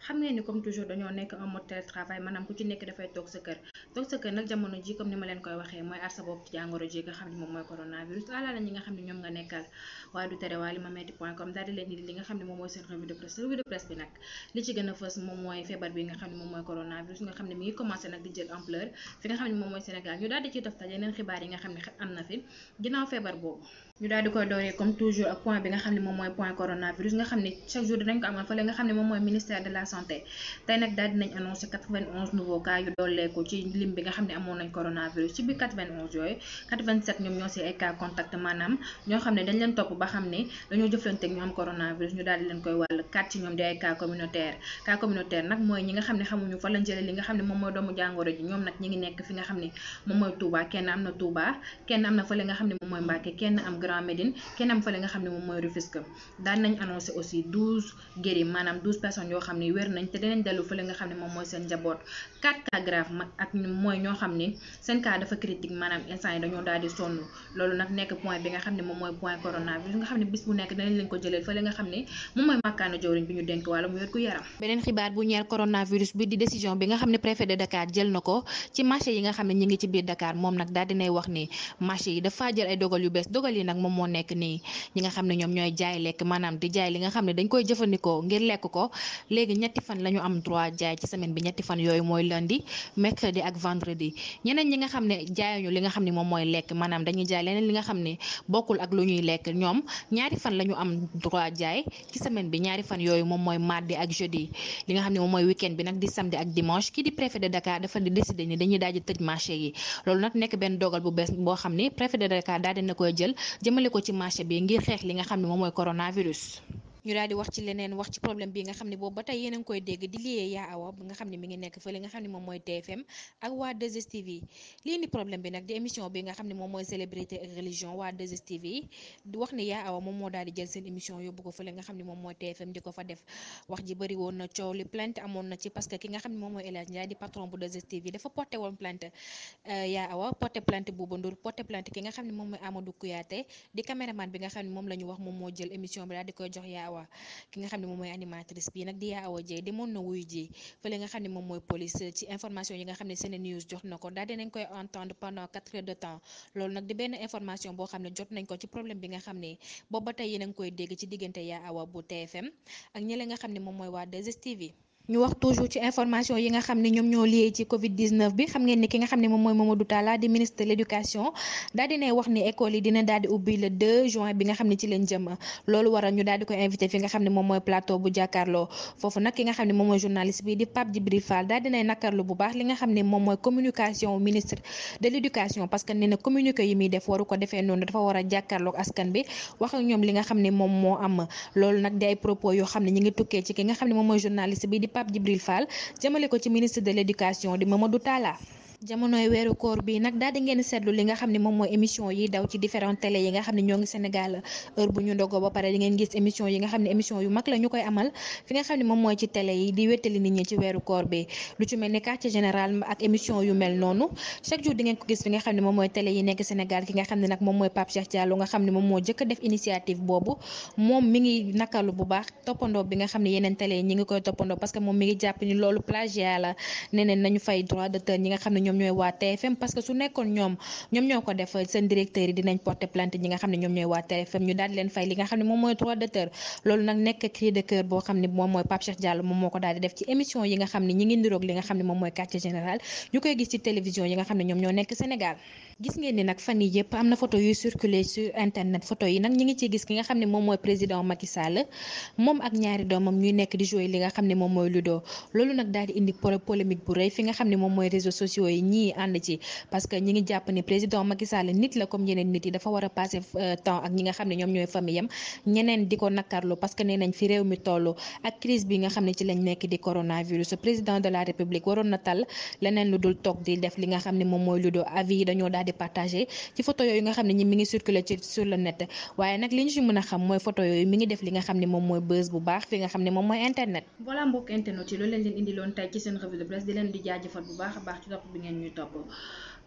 xam ngeen ni comme toujours di leen ampleur fi nga xam ne moom mooy point coronavirus nga xam ne chaque jour dinañ ko amal fële nga xam ne moom mooy ministère de la santé tey nag daal dinañ annoncé 91 nouveaux cas yu dolleeku ci lim bi nga xam ne amoon nañ coronavirus ci biir 91 yooyu 87 ñoom ñoo si ay contact maanaam ñoo xam ne dañ leen topp ba xam ne dañoo jëflanteeg ñu am coronavirus ñu daal leen koy wàll 4 ci ñoom di ay communautaire cas communautaire nag mooy ñi nga xam ne xamuñu fa lañ jëlee li nga xam ne moom mooy doomu jàngoro ji ñoom nag ñi wér nañ te dinañ dellu fële nga xam ne moom mooy seen njaboot 4 cas grave mag ak mooy ñoo xam ne seen cas dafa critique maanaam instant yi dañoo daal di sonn loolu nag nekk nga xam ne ñoom ñooy jaay lekk maanaam di jaay li nga xam ne dañ koy jëfandikoo ngir lekk ko léegi ñetti fan la ñu am droit jaay ci semaine bi ñetti fan yooyu mooy lundi mercredi ak vendredi ñeneen ñi nga xam ne jaayuñu li nga xam ne moom mooy lekk maanaam dañuy jaay leneen li nga xam ne bokkul ak lu ñuy lekk ñoom ñaari fan la ñu am droit jaay ci semaine bi ñaari fan yooyu moom mooy mardi ak jeudi li nga xam ne moom mooy week bi nag di samedi ak dimanche kii di préfet de Dakar dafa di décider ni dañuy daal tëj marché yi loolu nag nekk benn dogal bu bees boo xam ni préfet de Dakar daal ko ci marché bi li nga xam ne moom mooy coronavirus ñu daal di wax ci leneen wax ci problème bi nga xam ne moom mooy TFM ak waa 2STV lii ni wax ne yaa awa moom moo daal di jël seen émission yóbbu ko fële nga xam ne moom mooy TFM di ko fa def wax ji bëri na coow li plainte amoon na ci parce que ki nga xam ne moom mooy El Hadj di patron bu 2STV dafa porté woon plainte euh, yaa awa porté plainte Bouba Ndour porté plainte ki nga xam ne moom mooy Amadou Kouyaté di caméraman bi nga xam ne moom awa ki nga xam ne moom mooy animatrice bi nag di yaa awa jee demoon na wuy ji fële nga xam ne moom mooy police ci information yi nga xam ne seen news jox na ko daal dinañ koy entendre pendant quatre heures de temps loolu nag di benn information boo xam ne jot nañ ko ci problème bi nga xam ne booba tey yéen a ngi koy dégg ci diggante yaa awa bu TFM ak ñële nga xam ne moom mooy waa 2STV ñu wax toujours ci information yi nga xam ne ñoom ñoo lié ci Covid 19 bi xam ngeen ni ki nga xam ne moom moo Mamadou Talla di ministre de l' dina daal di ubbi juin bi nga xam ne ci leen jëm loolu waral ñu daal di koy invité fi nga xam ne moom mooy plateau bu jàkkaarloo foofu nag ki nga ne moom mooy journaliste bi di Pape Djibril Fall daal di nay nakarlu bu baax li nga xam ne moom mooy de l' éducation parce que nee na communiqué yi muy def waru a jàkkaarloog li nga xam ne moom moo am loolu nag di ay propos yoo xam ne ñu ngi tukkee ci ki nga xam ne moom mooy journaliste bi di Pape Djibril Fall jëmale ko le ministre de l'éducation de Mamadou Tala. jamonoy weeru koor bi nag daal ngeen seetlu li nga xam ne moom mooy émission yi daw ci différentes télé yi nga xam ne ñoo ngi Sénégal heure bu ñu ndogoo ba pare di nga xam ni moom mooy jëkk def initiative boobu moom mi ngi nakalu bu baax toppandoo bi nga xam ne yeneen télé yi ñi ngi koy toppandoo parce que moom mi ngi jàpp ni loolu plagiat la neneen nañu fay droit d'auteur ñi nga xam ne ñoom ñoom ñooy waa TFM parce su nekkoon ñoom ñoo ko def seen directeur yi dinañ porter plainte ñi nga xam ne moom mooy droit d'auteur loolu nag nekk cri de cœur boo xam ne moom mooy Pape Cheikh moom ak ñaari doomam ñuy nekk di jouer li nga xam ne moom mooy Ludo loolu nag daal indi polémique bu rëy fi nga xam ne moom mooy réseaux sociaux yi ñii ànd ci parce que ñi ngi jàpp ni président Macky nit la comme yeneen nit yi dafa war a passé euh, temps ak ñi nga xam ne ñoom ñooy famille am ñeneen di ko nakarlu président de la république waroon na leneen lu dul toog di def li nga xam ne moom mooy lu avis dañoo daal di ci photo yooyu nga xam ne ñi mi ngi circulé sur le net waaye nag li ñu si mën a xam mooy photo yooyu mi ngi def li nga xam ne moom mooy buzz bu baax fi nga and you double.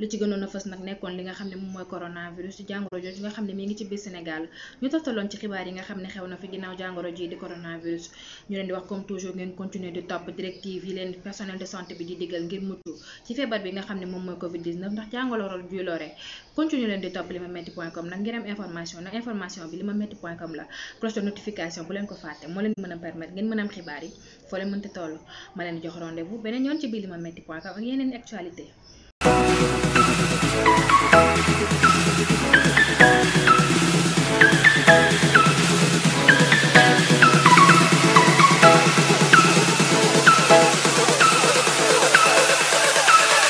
lu ci gënoon a fës nag nekkoon li nga xam ne moom mooy coronavirus jàngoro jooju nga xam ne mi ngi ci biir Sénégal ñu toftaloon ci xibaar yi nga xam ne xew na fi ginnaaw jàngoro ji di coronavirus ñu leen di wax comme toujours ngeen continuer di topp directive yi leen personnel de santé bi di digal ngir mucc ci feebar bi nga xam ne moom mooy Covid 19 ndax jàngoro juy lore continuer leen di topp limametti.com nag ngir am information nag information bi limametti.com a permettre ngeen mën a am xibaar yi Thank you.